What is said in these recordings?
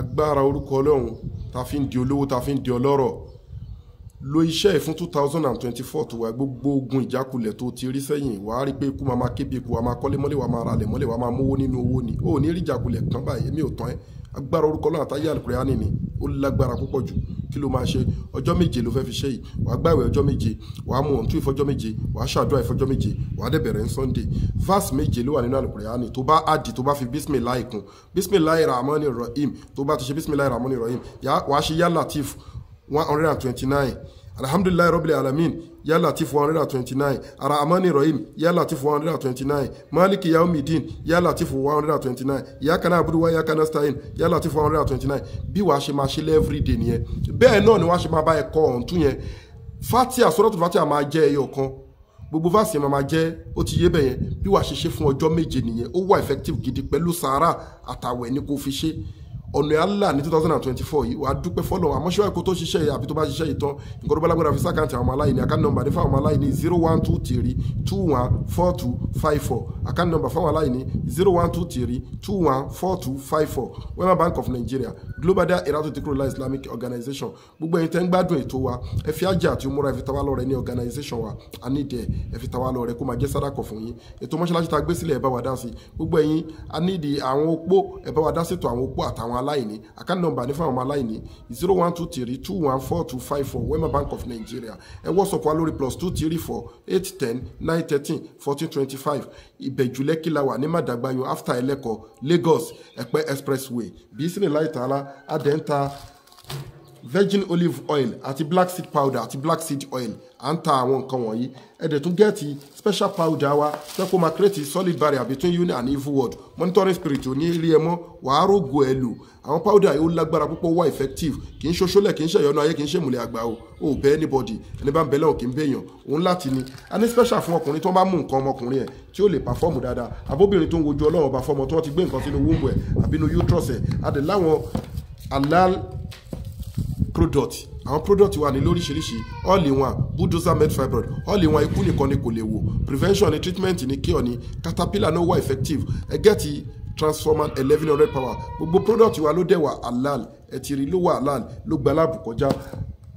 agbára orúkọ ọlọ́run ta fi ń di olówó ta fi ń di ọlọ́rọ̀ lo iṣẹ́ ìfún two thousand and twenty-four tó wà gbogbo ogun ìjákulẹ̀ tó ti rí sẹ́yìn wàá rí pé ikú máa ma kébi ikú wàá ma kọ́lé mọ́lé wàá ma ralẹ̀ mọ́lé wàá ma mówó nínú owó ni ó ní rí ìjákulẹ̀ kan báyìí èmi ò tán ẹ́ agbára orúkọ náà àtàyè alukurani ni ó lágbára púpọ̀ jù kí ló máa ṣe ọjọ́ méje ló fẹ́ fi ṣe yìí wàá gbàwẹ̀ ọjọ́ méje wàá mu ọ̀ntún ìfọjọ́ méje wàá ṣàdúrà ìfọjọ́ méje wàá dẹ̀ bẹ̀rẹ̀ ní sunday verse méje ló wà nínú alukurani tó bá àdì tó bá fi bisimilayi kún bisimilayi ramani rahim tó bá ti ṣe bisimilayi ramani rahim wàá ṣe yá latif one hundred and twenty nine alhamdulilayi rabbil alamin yá latif one hundred and twenty nine arahamani rahim yá latif one hundred and twenty nine maliki yaumidin yá latif one hundred and twenty nine yá kana abuduwa yá kana stein yá latif one hundred and twenty nine bí wàá ṣe máa ṣe lẹ́ẹ̀fìrìdè nìyẹn bẹ́ẹ̀ náà ni wàá ṣe máa bá ẹ̀kọ́ ọ̀ǹtún yẹn fatia sọ́dọ̀tún fatia máa jẹ́ ẹyọ kan gbogbo vaasi yẹn máa jẹ́ ó ti yé bẹ́ẹ̀ yẹn bí wàá ṣe ṣe fún ọjọ́ méje nìyẹn ó wà effective gidi pẹ̀lú sahara àtàwẹ̀ ni kò fi ṣe ọ̀nà àlà ní two thousand and twenty four yìí wàá dúpẹ́ fọ́lọ̀ àmọ́ṣọ́ ẹ̀kọ́ tó ṣiṣẹ́ yìí àbí tó bá ṣiṣẹ́ yìí tán nǹkan tó bá lágbára fi sàkáǹtì àwọn aláìní àkáǹtì nọmba ní fáwọn aláìní zero one two three two one four two five four àkáǹtì nọmba fáwọn aláìní zero one two three two one four two five four Wema Bank of Nigeria Global Dahiratu Dhikrlahi Islamic Organization gbogbo ẹ̀yin tẹ́ ń gbádùn ètò wa ẹ fi ajá àti òmùra ẹ fi tawá lọ́rẹ ní organisation wa anídẹ̀ ẹ fi tawá lọ́rẹ kó máa jẹ́ sádàkọ̀ fún yín ètò mọ́ṣáláṣí ta gbé sílẹ̀ ẹ bá wa dá sí gbogbo ẹ̀yin anídìí àwọn opó ẹ bá wa dá sí ètò àwọn opó àtàwọn aláìní account number ní fún àwọn ọmọ aláìní zero one two three two one four two five four Wema Bank of Nigeria ẹ WhatsApp wa lórí plus two three four eight ten nine thirteen fourteen twenty five ìbẹ̀jùlẹ̀ kìláwà ní màdàgbáyò after ẹlẹ́kọ̀ọ́ Lagos ẹ̀pẹ́ expressway bí sílẹ̀ láì tààlà adẹ́ńtà virgin olive oil àti black seed powder àti black seed oil à ń ta àwọn nǹkan wọ̀nyí ẹ̀dẹ̀ tún gẹ́ẹ̀tì special powder wa tẹ́kọ̀ máa create solid barrier between you and evil world monitoring spirit ò ní rí ẹ mọ́ wàá rògo ẹ lò àwọn powder yìí ó lágbára púpọ̀ wá effective kì í ṣoṣolẹ̀ kì í ṣèyọnu ayé kì í ṣèmùlẹ̀ àgbà o ò bẹ́ anybody ẹni bá ń bẹ lẹ́wọ̀n kì í bẹ̀yàn òun láti ni a ní special fún ọkùnrin tó bá mú nǹkan ọmọkùnrin ẹ̀ tí ó lè perform dáadáa àbóbìnrin tó ń wojú ọlọ́run ọba fọmọ tó wọ́n ti gbé nǹkan sínú womb ẹ̀ àbínú uterus ẹ̀ adẹ̀ alal product àwọn product wa ní lóríṣiríṣi all in one bulldozer med fibroid all in one ikú nìkan ni kò lè wò prevention ni treatment ni cure ni caterpillar no wa effective ẹ gẹ́tì transformer eleven hundred power gbogbo product wa ló dẹ̀ wà halal ẹ ti rí ló wà halal ló gba láàbù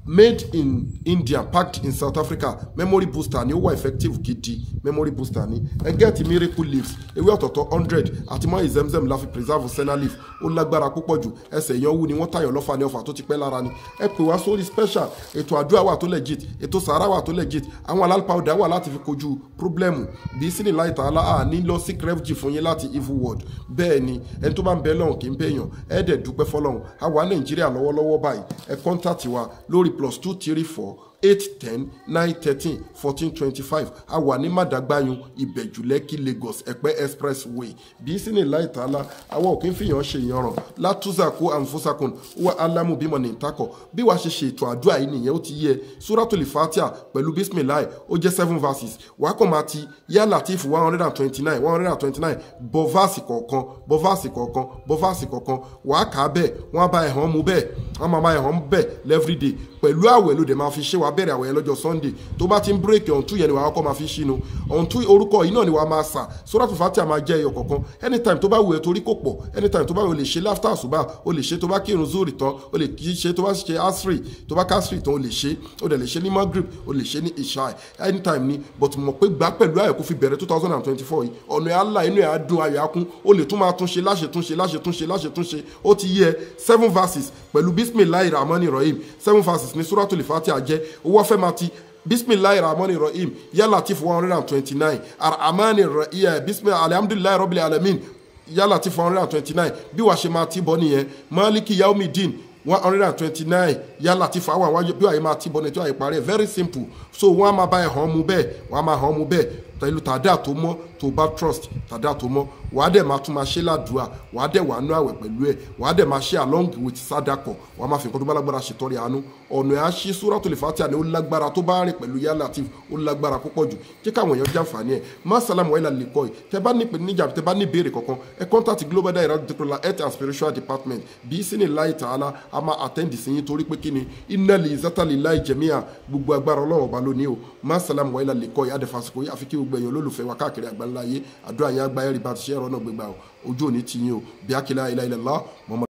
made in India packed in South Africa memory booster ni ó wà effective gidi memory booster ni ẹ get miracle leaves ewé ọ̀tọ̀tọ̀ hundred àti mọ́ ìzẹ́mzẹ́m la fi preserve senna leaf ó lágbára púpọ̀ jù ẹsẹ̀ èèyàn wú ni wọ́n tayọ̀ lọ́fà ní ọ̀fà tó ti pẹ́ lára ni ẹ pè wá sórí special ètò adua wa tó legit ètò sàárà wà tó legit àwọn alálùpàdà wà láti fi kojú problem bí sínú láì tààlà à ní lọ sí crevgy fún yín láti evil world bẹ́ẹ̀ ni ẹni tó bá ń bẹ lọ́hùn kì í bẹ̀yàn ẹ̀ẹ́dẹ̀ dúpẹ́ fọlọ́hùn àwa Nàìjíríà lọ́wọ́lọ́wọ́ báyìí ẹ contact wa Lori plus two three four eight ten nine thirteen fourteen twenty five a wà ní màdàgbáyún ìbẹ̀jú lagos ẹ̀pẹ́ expressway bíi sínú láìtàlá àwa ò kí ń fìyàn ṣe ìyanràn látúzàkó àǹfọ̀sàkùn wà álámù bímọ ní ìtakọ̀ bí wàá ṣe ṣe ètò àdúrà yìí nìyẹn ó ti yẹ sóràtòlì fatia pẹ̀lú bísímìláì ó jẹ́ seven verses wàá kàn máa ti yá latif one hundred and twenty nine one hundred and twenty nine bọ vaasi kọ̀ọ̀kan bọ vaasi kọ̀ọ̀kan bọ vaasi kọ̀ọ̀kan wàá kà á bẹ́ẹ̀ wọ́n á bá ẹ̀hán mu bẹ́ẹ̀ wọ́n máa bá ẹ̀hán bẹ́ẹ̀ lẹ́fírídé pẹ̀lú àwẹ̀ ló dẹ̀ máa fi ṣé wàá bẹ̀rẹ̀ àwẹ̀ lọ́jọ́ sunday tó bá ti ń bírèkì ọ̀hún tú yẹn ni wàá kọ́ máa fi ṣínú ọ̀hún tú orúkọ yìí náà ni wàá máa sà sóràtù fatia máa jẹ́ ẹyọ kọ̀ọ̀kan anytime tó bá wù ẹ́ torí kò pọ̀ anytime tó bá wù ẹ́ ṣe láftà àṣùbà o lè ṣe tó bá kírun zuri tán o lè ṣe tó bá ṣe asri tó bá kásri tán o lè ṣe o lè ṣe ní magrib o lè ṣe ní ishai anytime ni but mọ̀ pé gbà pẹ̀lú ayọ̀ kó fi bẹ̀rẹ̀ two thousand and twenty-four yìí ọ̀nà owó fẹ́ máa ti bisimilahi rahmani rahim ya latif one hundred and twenty-nine arhamani rahim bisimilahi alhamdulilayi rabbil alamin ya latif one hundred and twenty-nine bí wàá ṣe máa ti bọ́ nìyẹn maliki yaumidin one hundred and twenty-nine ya latif awa wáyé bí wàá máa ti bọ́ nìyẹn tí wàá parí ẹ̀ very simple so wọ́n á máa bá ẹ̀ hàn mú bẹ́ẹ̀ wọ́n á máa hàn mú bẹ́ẹ̀ pẹ̀lú tàdá tó mọ́ tó bá trust tàdá tó mọ́ wàá dẹ̀ máa tún máa ṣe ládùúà wàá dẹ̀ wàá nú àwẹ̀ pẹ̀lú ẹ̀ wàá dẹ̀ máa ṣe along with sadakọ̀ wàá máa fi nǹkan tó bá lágbára ṣètọ́rẹ̀ àánú ọ̀nà ẹ̀ á ṣí Suratul Fatiha ni ó lágbára tó bá rìn pẹ̀lú Ya Latif ó lágbára púpọ̀ jù jẹ́ káwọn èèyàn jàǹfààní ẹ̀ má sálàmù wáyé lálẹ́ kọ́ ẹ̀ tẹ́ bá ní ìpèníjà tẹ́ bá ní ìbéèrè kankan ẹ contact Global Dahiratu Dhikrlahi Health and Spiritual Department bí sínú láì tààlà a máa attend sí yín torí pé kí ni iná lè zátàlì láì jẹ̀míà gbogbo agbára ọlọ́run ọba lónìí o má sálàmù wáyé lálẹ́ kọ́ ẹ̀ adẹ̀fàsíkò yìí kí gbogbo gbogbo ẹ̀yọ́ olólùfẹ́ wa káàkiri àgbáńlá ayé àdúrà yẹn àgbáyé rìbá ti ṣe ẹ̀rọ náà gbégbá ojú òní ti yín o bí akílá ilá ilẹ̀ lọ́ mọ́mọ́.